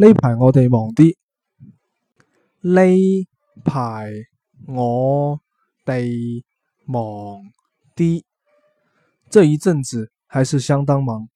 呢排我哋忙啲，呢排我哋忙啲，這一陣子還是相當忙。